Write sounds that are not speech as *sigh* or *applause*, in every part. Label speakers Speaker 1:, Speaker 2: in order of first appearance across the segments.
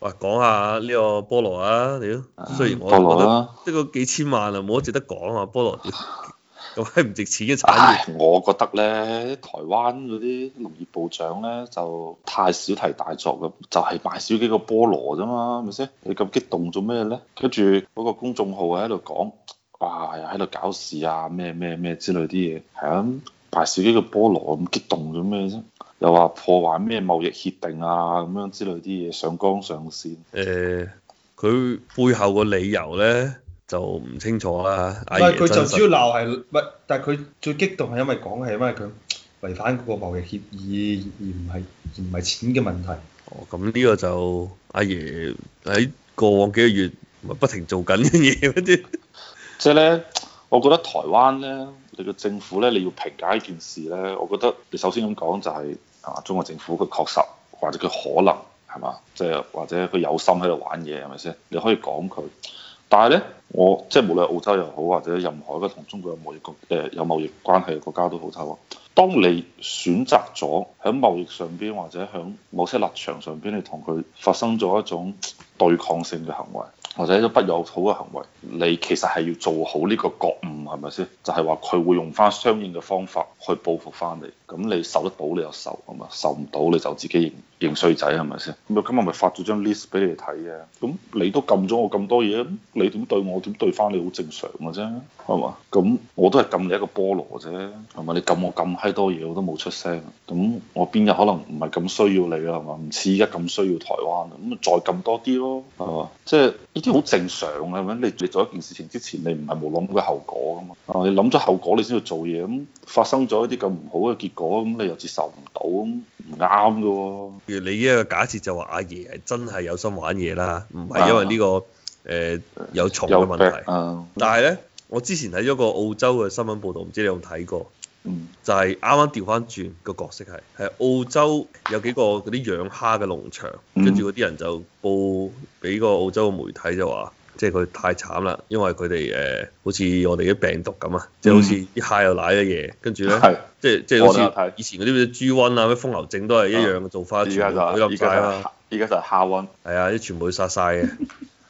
Speaker 1: 哇，講下呢個菠蘿啊！屌，雖然我覺得呢個幾千萬啊，冇得值得講啊，菠蘿咁閪唔值錢嘅產業。我覺得咧，台灣
Speaker 2: 嗰啲農業部長咧就太小題大作啦，就係賣少幾個菠蘿啫嘛，係咪先？你咁激動做咩咧？跟住嗰個公眾號喺度講，哇，又喺度搞事啊，咩咩咩之類啲嘢，係啊。排自己嘅菠蘿咁激動做咩啫？又話破壞咩貿易協定啊咁樣之類啲嘢，上綱上
Speaker 1: 線。誒、欸，佢背後個理由咧就唔清楚啦。但係佢就主要鬧
Speaker 3: 係乜？啊、但係佢最激動係因為講，因為佢違反個貿易協議，而唔係而唔係錢嘅問題。
Speaker 1: 哦，咁呢個就阿、啊、爺喺過往幾個月不停做緊嘅嘢，即係咧，
Speaker 2: 我覺得台灣咧。你個政府咧，你要評價呢件事咧，我覺得你首先咁講就係、是、啊，中國政府佢確實或者佢可能係嘛，即係、就是、或者佢有心喺度玩嘢係咪先？你可以講佢，但係咧，我即係、就是、無論澳洲又好或者任何一個同中國有貿易關誒有貿易關係嘅國家都好，就話，當你選擇咗喺貿易上邊或者喺某些立場上邊，你同佢發生咗一種對抗性嘅行為。或者一啲不友好嘅行為，你其實係要做好呢個覺悟，係咪先？就係話佢會用翻相應嘅方法去報復翻你，咁你受得到你就受，受唔到你就自己認。認衰仔係咪先？咁啊，今日咪發咗張 list 俾你睇嘅。咁你都撳咗我咁多嘢，咁你點對我，我點對翻你好正常嘅啫，係嘛？咁我都係撳你一個菠蘿啫，係嘛？你撳我咁閪多嘢，我都冇出聲。咁我邊日可能唔係咁需要你啦，係嘛？唔似依家咁需要台灣啊，咁咪再撳多啲咯，係嘛？即係呢啲好正常嘅，咁你你做一件事情之前，你唔係冇諗過後果噶嘛？啊，你諗咗後果你先去做嘢，咁發生咗一啲咁唔好嘅結果，咁你又接受唔到。
Speaker 1: 啱㗎喎，譬如你呢一個假設就話阿爺係真係有心玩嘢啦，唔係因為呢、呢個誒、呃、有蟲嘅問題。但係呢，我之前睇咗個澳洲嘅新聞報道，唔知你有冇睇過？就係啱啱調翻轉個角色係，係澳洲有幾個嗰啲養蝦嘅農場，跟住嗰啲人就報俾個澳洲嘅媒體就話。即係佢太慘啦，因為佢哋誒好似我哋啲病毒咁啊，即係好似啲蟹又奶嘅嘢，跟住咧，即係即係好似以前嗰啲咩豬瘟啊、咩風流症都係一樣做翻全部都咁解啦。依家就係夏瘟，係啊，啲全部殺晒嘅，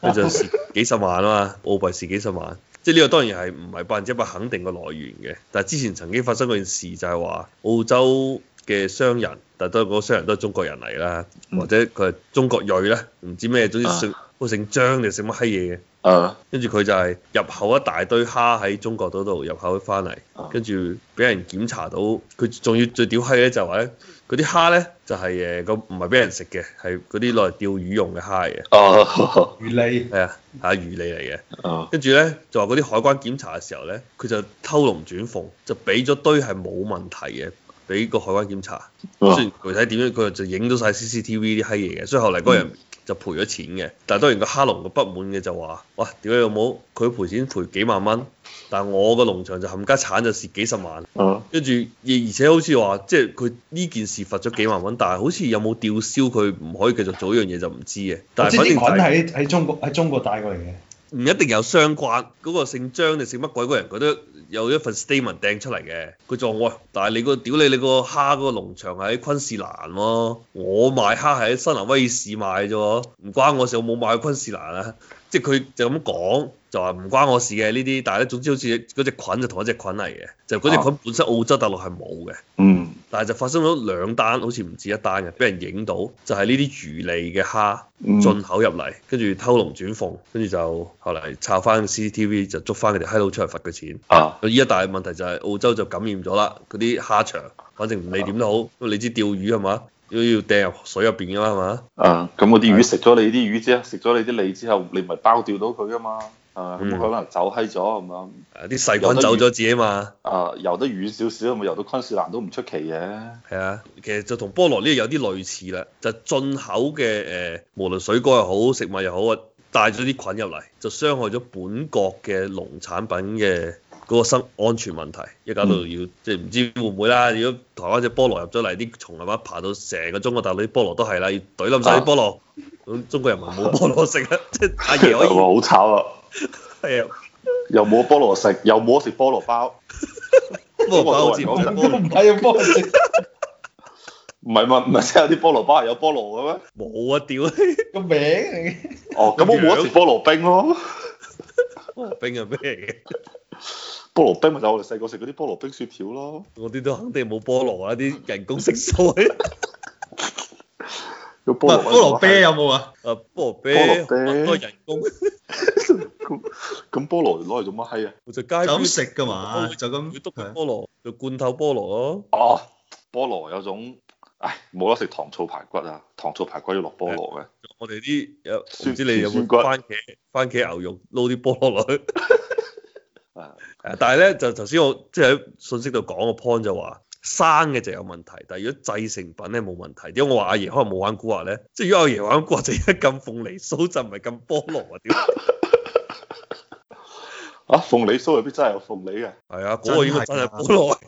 Speaker 1: 佢就幾十萬啊嘛，澳幣係幾十萬，啊。即係呢個當然係唔係百分之一百肯定嘅來源嘅，但係之前曾經發生嗰件事就係話澳洲嘅商人，但係都嗰個商人都係中國人嚟啦，或者佢係中國裔咧，唔知咩，總之。嗯 *laughs* 個姓張定食乜閪嘢嘅，跟住佢就係入口一大堆蝦喺中國嗰度入口翻嚟，跟住俾人檢查到佢仲要最屌閪，咧就話咧嗰啲蝦咧就係誒個唔係俾人食嘅，係嗰啲攞嚟釣魚用嘅蝦嘅。哦，魚餌，係啊，係魚餌嚟嘅。跟住咧就話嗰啲海關檢查嘅時候咧，佢就偷龍轉鳳，就俾咗堆係冇問題嘅俾個海關檢查。哦，雖然具體點樣佢就影到晒 CCTV 啲閪嘢嘅，所以後嚟嗰人。嗯就賠咗錢嘅，但係當然個哈農嘅不滿嘅就話，哇，屌解有冇佢賠錢賠幾萬蚊，但係我個農場就冚家鏟就蝕幾十萬，跟住而而且好似話，即係佢呢件事罰咗幾萬蚊，但係好似有冇吊銷佢唔可以繼續做一樣嘢就唔知嘅。但係反正係喺喺
Speaker 3: 中國喺中國帶過嚟嘅。
Speaker 1: 唔一定有相關。嗰、那個姓張定姓乜鬼嗰人覺得有一份 statement 掟出嚟嘅，佢撞我，但係你、個屌你你個蝦。嗰個農場喺昆士蘭咯、啊，我賣蝦喺新南威爾士賣啫喎，唔關我事，我冇賣昆士蘭啊，即係佢就咁講，就話唔關我事嘅呢啲，但係咧總之好似嗰隻菌就同一隻菌嚟嘅，就嗰隻菌本身澳洲大陸係冇嘅。嗯。但係就發生咗兩單，好似唔止一單嘅，俾人影到，就係呢啲魚脷嘅蝦進口入嚟，跟住、嗯、偷龍轉鳳，跟住就後嚟查翻 CCTV 就捉翻佢哋閪佬出嚟罰佢錢。啊！依一大嘅問題就係澳洲就感染咗啦，嗰啲蝦場，反正唔理點都好，啊、你知釣魚係嘛？要要掟入水入邊㗎嘛？啊！
Speaker 2: 咁嗰啲魚食咗你啲魚，的魚之後，食咗你啲脷之後，你咪包釣到佢㗎嘛？嗯、啊！咁可能走閪咗，
Speaker 1: 咁樣，啲細菌走咗自己嘛？啊！游得遠少少，咪游到昆士蘭都唔出奇嘅。係啊，其實就同菠蘿呢啲有啲類似啦，就進口嘅誒、呃，無論水果又好，食物又好啊，帶咗啲菌入嚟，就傷害咗本國嘅農產品嘅嗰個生安全問題，一家度要即係唔知會唔會啦。如果台灣隻菠蘿入咗嚟，啲蟲啊乜爬到成個中國大陸啲菠蘿都係啦，要懟冧晒啲菠蘿，咁、啊、中國人民冇菠蘿食啊！即係阿爺可以
Speaker 2: 好慘啊！係啊，又冇菠蘿食，又冇得食菠蘿包，
Speaker 3: 菠蘿包我唔係要菠蘿食，
Speaker 2: 唔係嘛？唔係即係有啲菠蘿包係有菠蘿嘅咩？冇啊！屌你個名，哦，咁我冇得食菠蘿冰咯， *laughs* 菠
Speaker 1: 蘿冰係咩嘅？菠蘿冰咪就係我哋細個食嗰啲菠蘿冰雪條咯，我啲都肯定冇菠蘿啊，啲人工色素。唔，菠蘿啤
Speaker 3: 有冇啊？誒
Speaker 2: 菠
Speaker 1: 蘿啤，多人工。咁菠蘿攞嚟做乜閪啊？就街咁食
Speaker 3: 㗎嘛？就咁，
Speaker 1: 佢篤菠蘿就罐頭菠蘿咯。
Speaker 3: 哦，
Speaker 1: 菠蘿
Speaker 2: 有種，唉，冇得食糖醋排骨啊！糖醋排骨要落菠蘿嘅。
Speaker 1: 我哋啲有，唔知你有冇番茄，番茄牛肉，撈啲菠蘿落去。啊！誒，但係咧，就頭先我即係喺信息度講個 point 就話。生嘅就有問題，但係如果製成品咧冇問題。點解我話阿爺可能冇玩古惑咧？即係如果阿爺玩古惑，就一撳鳳梨酥就唔係撳菠蘿啊？啊，
Speaker 2: 鳳梨酥入邊真係有鳳梨啊。係啊，嗰個應該真係菠
Speaker 3: 蘿。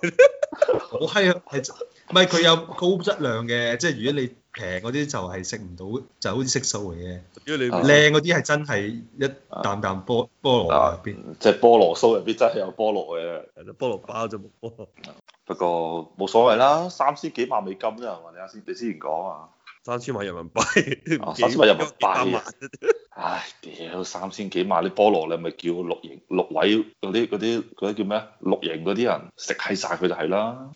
Speaker 3: 係啊，係唔係？佢有高質量嘅，即係如果你平嗰啲就係食唔到，就好似色素嚟嘅。如果你靚嗰啲係真係一啖啖菠菠蘿入邊，即係菠蘿酥入
Speaker 2: 邊真係有菠蘿嘅，菠蘿包啫，冇菠蘿。
Speaker 3: 個
Speaker 1: 冇所謂啦，
Speaker 2: 三千幾萬美金啫，我哋啱先你先講啊，啊，
Speaker 1: 三千萬人民幣，三千萬人民幣，
Speaker 2: 唉，屌三千幾萬啲菠蘿你咪叫綠營六位嗰啲啲啲叫咩 *laughs* 啊？綠營嗰啲人食閪晒佢就係啦，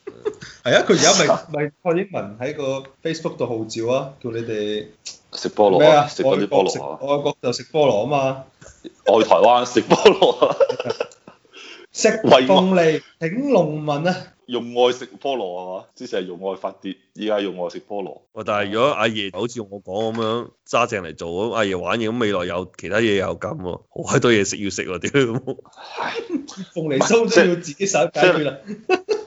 Speaker 3: 係啊，佢而家咪咪蔡英文喺個 Facebook 度號召啊，叫你哋
Speaker 2: 食菠蘿啊，愛國食菠蘿啊，
Speaker 3: 愛國就食菠， *laughs* *laughs* 菠蘿啊嘛，
Speaker 2: 愛台灣食菠蘿即鳳
Speaker 3: 梨挺農民啊！
Speaker 1: 用愛食菠
Speaker 2: 蘿啊嘛，之前係用愛
Speaker 1: 發跌，依家用愛食菠蘿。哦，但係如果阿爺好似我講咁樣揸正嚟做，阿爺玩嘢，咁未來有其他嘢又咁喎，啊，好多嘢食要食喎，屌！ *laughs* 鳳
Speaker 3: 梨酥都要自己手解決啦。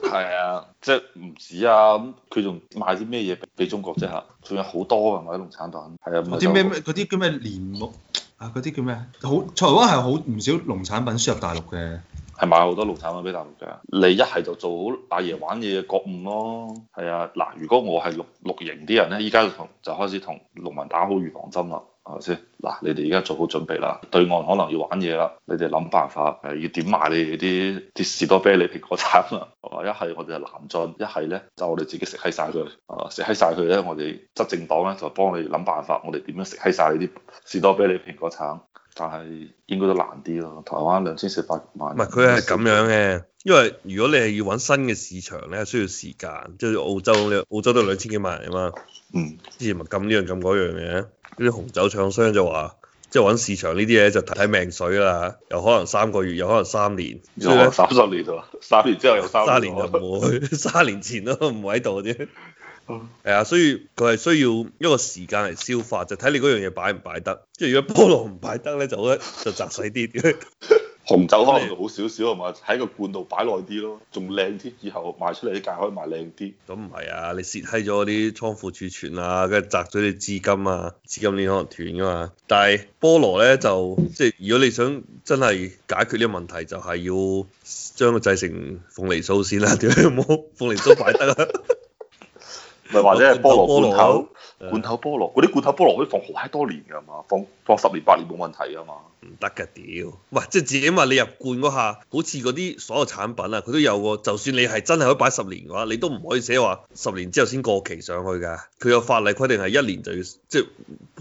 Speaker 1: 係、就是、啊，即係唔止啊，咁
Speaker 2: 佢仲賣啲咩嘢俾中國即嚇？仲有好多啊，嗰啲農產品。係、嗯、啊，嗰啲咩？
Speaker 3: 嗰啲叫咩？蓮霧啊？嗰啲叫咩？好台灣係好唔少農產品輸入大陸嘅。
Speaker 2: 係買好多農產品俾大陸嘅，你一係就做好阿爺玩嘢嘅覺悟咯，係啊，嗱，如果我係綠綠營啲人咧，依家就同就開始同農民打好預防針啦，係咪先？嗱，你哋而家做好準備啦，對岸可能要玩嘢啦，你哋諗辦法，誒要點賣你哋啲啲士多啤梨、蘋果橙、橙啊？一係我哋就南進，一係咧就我哋自己食閪晒佢，啊食閪晒佢咧，我哋執政黨咧就幫你諗辦法，我哋點樣食閪晒你啲士多啤梨、蘋果、橙？但係應該都難啲咯，台灣兩千四百萬。
Speaker 1: 唔係佢係咁樣嘅，場因為如果你係要揾新嘅市場咧，需要時間。即係澳洲，澳洲都兩千幾萬啊嘛。嗯。之前咪禁呢樣禁嗰樣嘅，啲紅酒廠商就話，即係揾市場呢啲嘢就睇命水啦，有可能三個月，有可能三年。
Speaker 3: 三十年
Speaker 1: 喎，三年之後又三年。三年就冇，三 *laughs* 年前都唔喺度啫。係啊，所以佢係需要一個時間嚟消化，就睇、是、你嗰樣嘢擺唔擺得。即係如果菠蘿唔擺得咧，就咧就窄細啲。
Speaker 2: *laughs* 紅酒可能好少少啊嘛，喺你個罐，度擺耐啲咯，仲靚啲，以後賣出嚟啲價可以賣靚啲。咁唔係啊，
Speaker 1: 你蝕閪咗啲倉庫儲存啊，跟住砸咗啲資金啊，資金鏈可能斷噶嘛。但係菠蘿咧就即係如果你想真係解決呢個問題，就係、是、要將佢製成鳳梨酥先啦。點解冇鳳梨酥擺得啊？ *laughs* *laughs*
Speaker 2: 唔係或者係菠蘿，罐頭菠蘿罐頭，啊、罐頭菠蘿嗰啲的罐頭菠蘿可以放好閪多年㗎嘛，放放十年八年冇問題㗎嘛。唔
Speaker 1: 得噶，屌！喂，即係自己話，你入罐嗰下，好似嗰啲所有產品啊，佢都有喎。就算你係真係可以擺十年嘅話，你都唔可以寫話十年之後先過期上去㗎。佢有法例規定係一年就要，即係去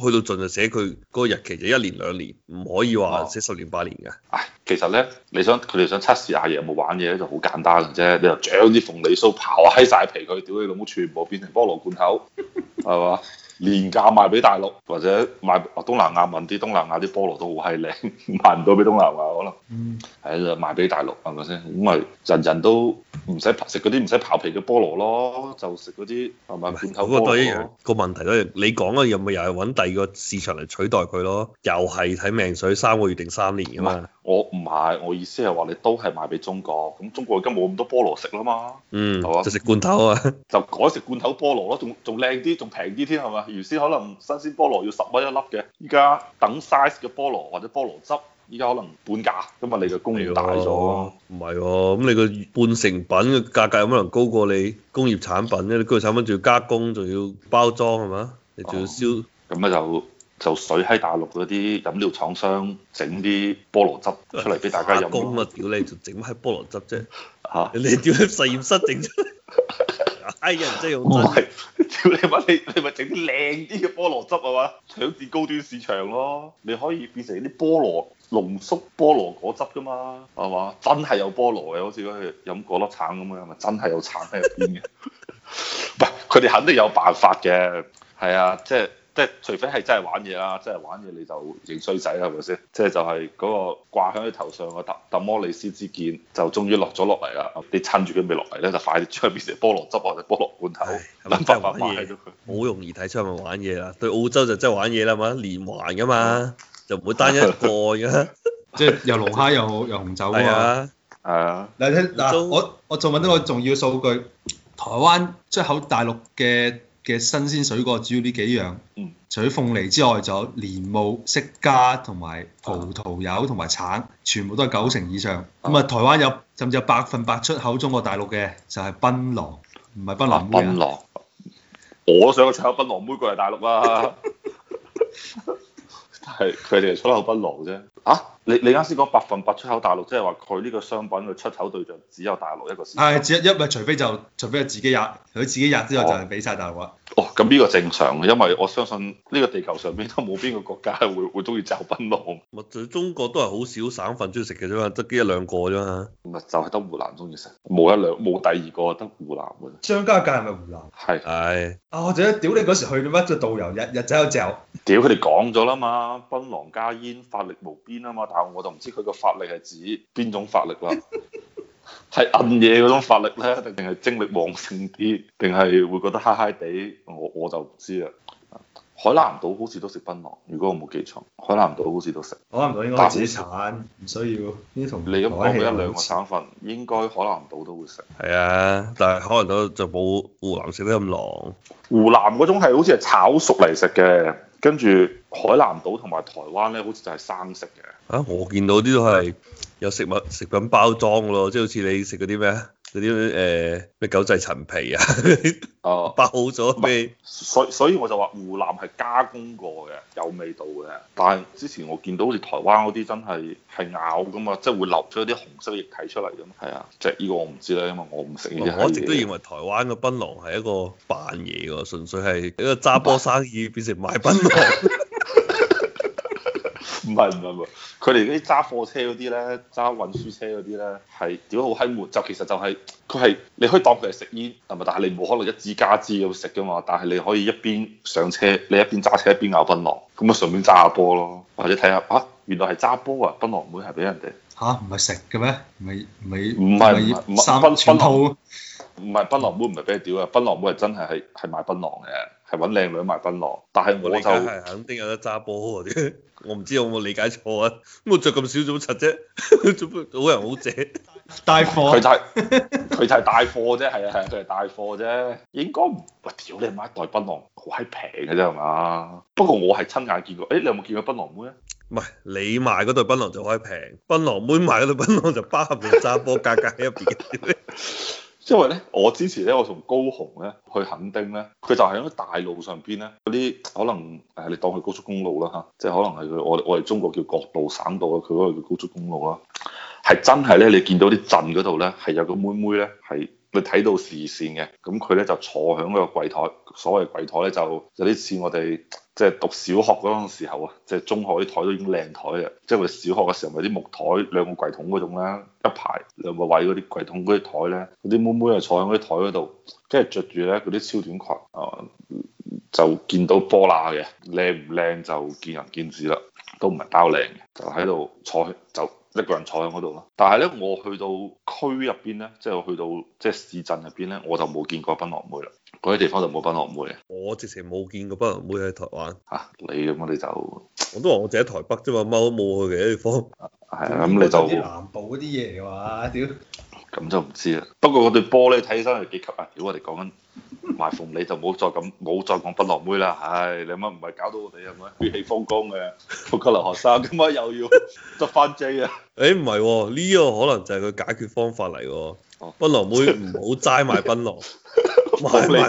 Speaker 1: 到盡就寫佢嗰個日期就一年兩年，唔可以話寫十年八年㗎。唉、哦
Speaker 2: 哎，其實咧，你想佢哋想測試下嘢有冇玩嘢咧，就好簡單嘅啫。你就將啲鳳梨酥刨呀閪晒皮佢，屌你老母，全部變成菠蘿罐頭，係嘛？ *laughs* 廉價賣俾大陸，或者賣哦東南亞，問啲東南亞啲菠蘿都好閪靚， *laughs* 賣唔到俾東南亞可能，係啊、嗯、賣俾大陸係咪先？咁咪人人都唔使食嗰啲唔使刨皮嘅菠蘿咯，就食嗰啲係咪罐頭菠蘿？
Speaker 1: 個問題都係你講啊，又咪又係揾第二個市場嚟取代佢咯？又係睇命水，三個月定三年啊嘛！我唔係，我意思係話你都係賣俾中國，咁中國而家冇咁多菠蘿食啦嘛，係嘛？就食罐頭啊，就改食
Speaker 2: 罐頭菠蘿咯，仲仲靚啲，仲平啲添係嘛？原先可能新鮮菠蘿要十蚊一粒嘅，依家等 size 嘅菠蘿或者菠蘿汁，依家可能半價，因為你嘅供應大咗。唔係
Speaker 1: 喎，咁、啊、你個半成品嘅價格有可能高過你工業產品咧，你工業產品仲要加工，仲要包裝係嘛？你仲要燒，咁咧、哦、就就水喺
Speaker 2: 大陸嗰啲飲料廠商整啲菠蘿汁出嚟俾大家飲。咁
Speaker 1: 嘅屌你，就整閪菠蘿汁啫。嚇哈！你屌喺實驗室整啫？ *laughs* 哎呀，真係好
Speaker 2: 真！我屌你媽！你你咪整啲靚啲嘅菠蘿汁啊嘛！搶佔高端市場咯，你可以變成啲菠蘿濃縮菠蘿果汁噶嘛，係嘛？真係有菠蘿嘅，好似嗰啲飲果粒橙咁樣，係咪真係有橙喺入邊嘅？喂， *laughs* 佢哋肯定有辦法嘅。係啊，即係。即係除非係真係玩嘢啦，真係玩嘢你就認衰仔係咪先？即係就係嗰個掛喺你頭上個特特摩利斯之劍就終於落咗落嚟啦！你趁住佢未落嚟咧，就快啲將變成菠蘿汁或者菠蘿罐頭，
Speaker 1: 諗辦法賣。好容易睇出係咪玩嘢啦？對澳洲就真係玩嘢啦嘛，連環噶
Speaker 3: 嘛，就唔會單一個嘅， *laughs* 即係又龍蝦又又紅酒啊！係啊，嗱聽我我仲問呢個重要數據，台灣出口大陸嘅。嘅新鮮水果主要呢幾樣，除咗鳳梨之外，仲有蓮霧、釋迦同埋葡萄柚同埋橙，全部都係九成以上。咁啊，台灣有甚至有百分百出口中國大陸嘅就係檳榔，唔係檳榔妹。檳榔、
Speaker 2: 啊、我想出口檳榔妹過嚟大陸啊！係佢哋出口檳榔啫。嚇、啊！你你啱先講百分百出口大陸，即係話佢呢個商
Speaker 3: 品嘅出口對象只有大陸一個市場。係，只因為除非就除非係自己吔，佢自己吔之後就係俾曬大陸哦。
Speaker 2: 哦，咁呢個正常嘅，因為我相信呢個地球上邊都冇邊個國家
Speaker 1: 會會中意嚼檳榔。中國都係好少省份中意食嘅啫嘛，得幾一兩個啫嘛。咪、嗯、就係、是、得湖南中意食，冇一兩冇第二個得湖南嘅。
Speaker 3: 張家界係咪湖南？
Speaker 2: 係是。係、哎。
Speaker 3: 啊、哦！我記得屌你嗰時去乜嘅導遊日日走去嚼。
Speaker 2: 屌佢哋講咗啦嘛，檳榔加煙，法力無邊啊嘛！我就唔知佢個法力係指邊種法力啦，係暗嘢嗰種法力咧，定係精力旺盛啲，定係會覺得嗨嗨地，我我就唔知啦。海南島好似都食檳榔，如果我冇記錯，
Speaker 1: 海南島好似都食。
Speaker 3: 海南島應該自產，唔是需要。呢同你咁講佢一兩個省份，是應該海南島都會食。
Speaker 1: 係啊，但係海南島就冇湖南食得咁
Speaker 2: 狼。湖南嗰種係好似係炒熟嚟食嘅。跟住海南島同埋台灣呢，好似就係生食嘅。嚇、
Speaker 1: 啊，我見到啲都係有食物食品包裝咯，即係好似你食嗰啲咩？嗰啲咩誒咩九製陳皮啊，爆咗咩？啊、你所以所以我就話湖南係加工過嘅，有味道嘅。
Speaker 2: 但係之前我見到好似台灣嗰啲真係係咬㗎嘛，即、就、係、是、會流出啲紅色液體出嚟㗎嘛。
Speaker 1: 係啊，即係呢個我唔知咧，因為我唔食呢啲。我一直都認為台灣嘅檳榔係一個扮嘢喎，純粹係一個揸波生意變成賣檳榔。 *laughs* 唔係唔係喎，
Speaker 2: 佢哋啲揸貨車嗰啲咧，揸運輸車嗰啲咧，係屌好閪悶。就其實就係佢係你可以當佢係食煙，係咪？但係你冇可能一支加支咁食噶嘛。但係你可以一邊上車，你一邊揸車一邊咬檳榔，咁啊順便揸下波咯，或者睇下嚇、啊、原來係揸波啊，檳榔妹係俾人哋。
Speaker 3: 吓，唔係食嘅咩？
Speaker 2: 咪咪唔係三蚊一是套？唔係檳榔妹唔係俾你屌啊！檳榔妹係真係係係賣檳榔嘅，係搵靚女賣檳榔。但係我就我肯
Speaker 1: 定有得揸波嘅。我唔知有冇理解錯啊？咁我着咁少組柒啫，做 *laughs* 好人好正，貨 *laughs* 就是、帶貨佢就係佢就係帶貨
Speaker 2: 啫，係啊係啊，佢係帶貨啫。
Speaker 1: 應該喂屌、哎、你買一袋檳榔好閪平嘅啫係嘛？吧不過我係親眼見過、哎、有有見過。誒你有冇見過檳榔妹啊？唔係你賣嗰對檳榔就可以平，檳榔妹賣嗰對檳榔就包下邊揸波，價 *laughs* 格喺入邊。因為咧，我之前咧，我同高雄咧去墾
Speaker 2: 丁咧，佢就係喺個大路上邊咧，嗰啲可能誒，你當佢高速公路啦吓，即係可能係佢我我哋中國叫國道省道啊，佢嗰度叫高速公路啦，係真係咧，你見到啲鎮嗰度咧，係有個妹妹咧係。你睇到視線嘅，咁佢咧就坐喺嗰個櫃台，所謂櫃台咧就有啲似我哋即係讀小學嗰陣時候啊，即係中學啲台都已經靚台啊，即係佢小學嘅時候咪啲木台兩個櫃桶嗰種咧，一排兩個位嗰啲櫃桶嗰啲台咧，嗰啲妹妹就坐喺嗰啲台嗰度，跟住着住咧嗰啲超短裙，哦、啊，就見到波乸嘅，靚唔靚就見仁見智啦，都唔係包靚嘅，就喺度坐就。一個人坐喺嗰度咯，但係咧，我去到區入邊咧，即係去到即係市鎮入邊咧，我就冇見過檳榔妹啦。嗰啲地
Speaker 1: 方就冇檳榔妹嘅，我直情冇見過檳榔妹喺台灣。嚇你咁啊？你咁樣，你就我都話我淨係台北啫嘛，貓都冇去嘅地方。係啊，咁、啊、你就南部嗰啲嘢
Speaker 3: 嘅話，屌，
Speaker 2: 咁、嗯、就唔知啦。不過嗰對波咧，睇起身係幾級啊？如果我哋講緊埋鳳梨就冇再咁，冇再講檳榔妹啦，唉，你乜唔係搞到我哋係咪血氣方剛嘅？
Speaker 1: 復課留學生今晚又要執翻 J 啊？誒、哎，唔係、哦、呢、這個可能就係個解決方法嚟嘅，檳榔、啊、妹唔好齋賣檳榔，
Speaker 3: 賣賣妹，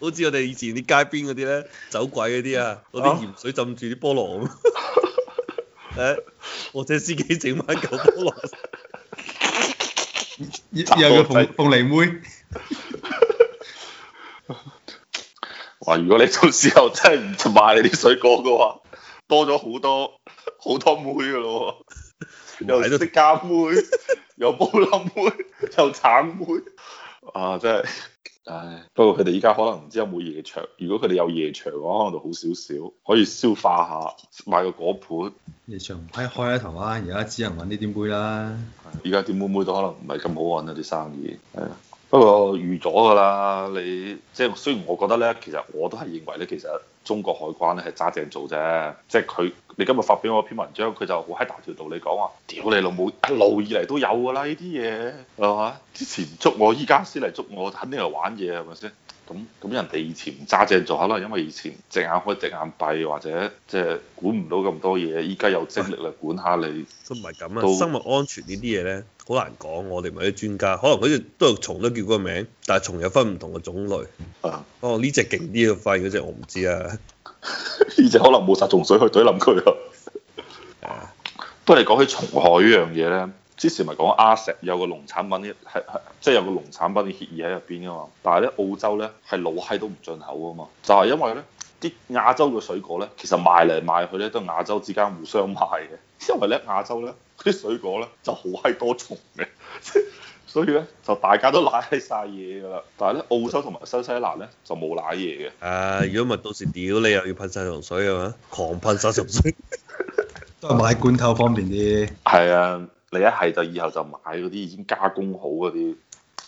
Speaker 1: 好似我哋以前啲街邊嗰啲咧，走鬼嗰啲啊，攞啲鹽水浸
Speaker 3: 住啲菠蘿咁，
Speaker 1: 誒， *laughs* 或者司機整翻嚿菠蘿，
Speaker 3: 又叫鳳鳳梨妹，妹。
Speaker 2: 哇！如果你到時候真係唔買你啲水果嘅話，
Speaker 1: 多咗好
Speaker 2: 多好多妹嘅咯，又色家妹， *laughs* 又煲林妹，又橙妹。啊！真係，唉。不過佢哋而家可能唔知有冇夜場，如果佢哋有夜場嘅話，可能就好少少，可以消化下，買個果盤。
Speaker 3: 夜場唔可以開開頭啊，而家只能揾啲店妹啦。而家店妹妹就可能唔係咁好揾啊啲生意，係啊。不過預咗㗎啦，
Speaker 2: 你即係雖然我覺得咧，其實我都係認為咧，其實中國海關咧係揸正做啫，即係佢你今日發俾我篇文章，佢就好閪大條道理講話，屌你老母一路以嚟都有㗎啦呢啲嘢，係嘛？之前唔捉我，依家先嚟捉我，肯定係玩嘢係咪先？咁咁人哋以前揸正做，可能因為以前隻眼開隻眼閉，或者即
Speaker 1: 係管唔到咁多嘢。依家有精力嚟喂 管下你。都唔係咁啊，到 生物安全呢啲嘢咧，好難講。我哋唔係啲專家，可能好似都係蟲都叫個名，但係蟲有分唔同嘅種類。啊！哦，呢隻勁啲嘅廢嗰隻，我唔知啊。呢隻可能冇殺蟲水去懟冧佢啊！啊！不過你講起蟲害呢樣嘢咧。之
Speaker 2: 前咪講阿石有個農產品係即係有個農產品嘅協議喺入邊噶嘛，但係咧澳洲咧係老閪都唔進口啊嘛，就係、是、因為咧啲亞洲嘅水果咧其實賣嚟賣去咧都係亞洲之間互相賣嘅，因為咧亞洲咧啲水果咧就好閪多蟲嘅，所以咧就大家都舐晒嘢噶啦，但係咧澳洲同埋新西蘭咧
Speaker 1: 就冇舐嘢嘅。係、啊，如果咪到時屌你又要噴晒殺蟲水啊嘛，狂噴殺蟲水，
Speaker 2: *laughs* *laughs* 都
Speaker 1: 係買罐頭方便啲。係啊。你一係就以
Speaker 2: 後就買嗰啲已經加工好嗰啲。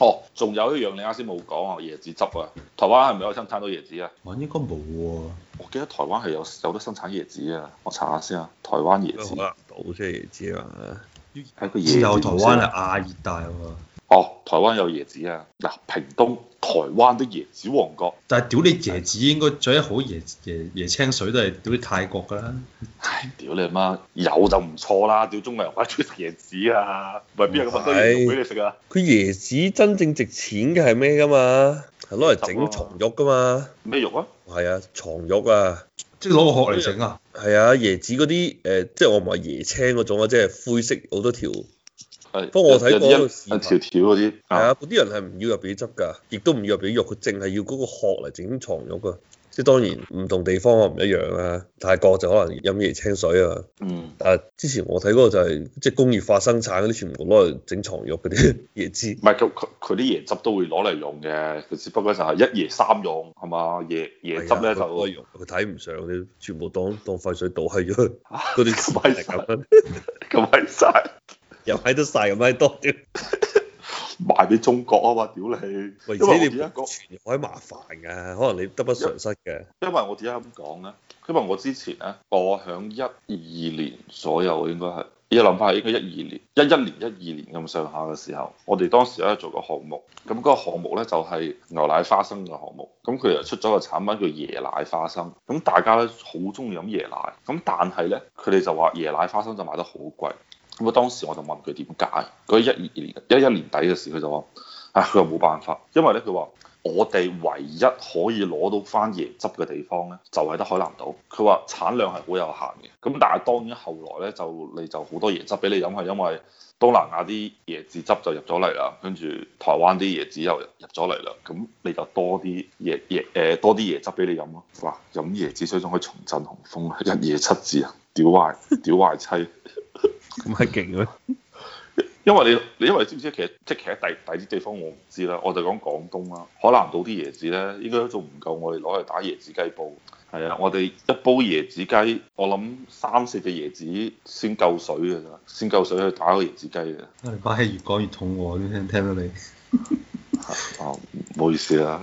Speaker 2: 哦，仲有一樣你啱先冇講啊，椰子汁啊。台灣係咪有生產到椰子啊？我應該冇喎。啊。我記得台灣係有有得生產椰子啊。我查下先啊，台灣椰子。
Speaker 1: 島即係椰子啊嘛。係個
Speaker 3: 椰子。有台灣係亞
Speaker 2: 熱帶喎。哦，台灣有椰子啊！嗱，屏東台灣的
Speaker 3: 椰子王國，但係屌你椰子應該最好椰椰椰青水都係屌啲泰國㗎啦！
Speaker 2: 屌你阿媽有就唔錯啦！屌中國人唔係中意食椰子啊，唔係邊有咁多俾你食啊？
Speaker 1: 佢椰子真正值錢嘅係咩㗎嘛？係攞嚟整藏肉㗎嘛？咩肉啊？係、哦、啊，藏肉啊！即係攞個殼嚟整啊？係啊，椰子嗰啲誒，即係我唔係椰青嗰種啊，即係灰色好多條。係，不過我睇過視頻，條條嗰啲，係啊，嗰啲人係唔要入邊汁㗎，亦都唔要入邊肉，佢淨係要嗰個殼嚟整藏肉㗎。即係當然，唔同地方唔一樣啦。泰國就可能飲椰青水啊。嗯。但係之前我睇嗰個就係即係工業化生產嗰啲，全部攞嚟整藏肉嗰啲椰子。唔係佢佢啲椰汁都會攞嚟用嘅，佢只不過就係一椰三用係嘛？椰椰汁咧、哎、呀就用，佢睇唔上啲，全部當當廢水倒係咗。咁閪嘥，咁閪嘥。又喺得晒咁閪多， *laughs* 賣俾中國啊嘛！屌你，因為 而
Speaker 2: 且你傳開
Speaker 1: 麻煩嘅、啊，為可能你得不償失嘅。因為我點解咁講咧，
Speaker 2: 因為我之前咧，我響一二年左右應該係，而家諗翻係應該一二年、一一年、一二年咁上下嘅時候，我哋當時咧做項、那個項目，咁嗰個項目咧就係、是、牛奶花生嘅項目，咁佢又出咗個產品叫椰奶花生，咁大家咧好中意飲椰奶，咁但係咧佢哋就話椰奶花生就賣得好貴。咁啊！當時我就問佢點解嗰一二年、一一年底嘅時，佢就話：啊，佢又冇辦法，因為咧，佢話我哋唯一可以攞到翻椰汁嘅地方咧，就係得海南島。佢話產量係好有限嘅。咁但係當然後來咧，就你就好多椰汁俾你飲，係因為東南亞啲椰子汁就入咗嚟啦，跟住台灣啲椰子又入咗嚟啦，咁你就多啲椰椰、呃、多啲椰汁俾你飲咯。話飲椰子水仲可以重振雄風啊！一夜七字啊！屌壞屌壞妻！
Speaker 1: 咁係勁嘅，
Speaker 2: 因為你你因為知唔知其實即係喺第第啲地方我，我唔知啦。我哋講廣東啦，海南島啲椰子咧，應該都仲唔夠我哋攞去打椰子雞煲。係啊，我哋一煲椰子雞，我諗三四隻椰子先夠水咋，先夠水去打個椰子雞嘅。
Speaker 3: 啊！你講起越講越肚餓喎，你聽，聽到你。哦、 *laughs* 啊，唔好意思啦。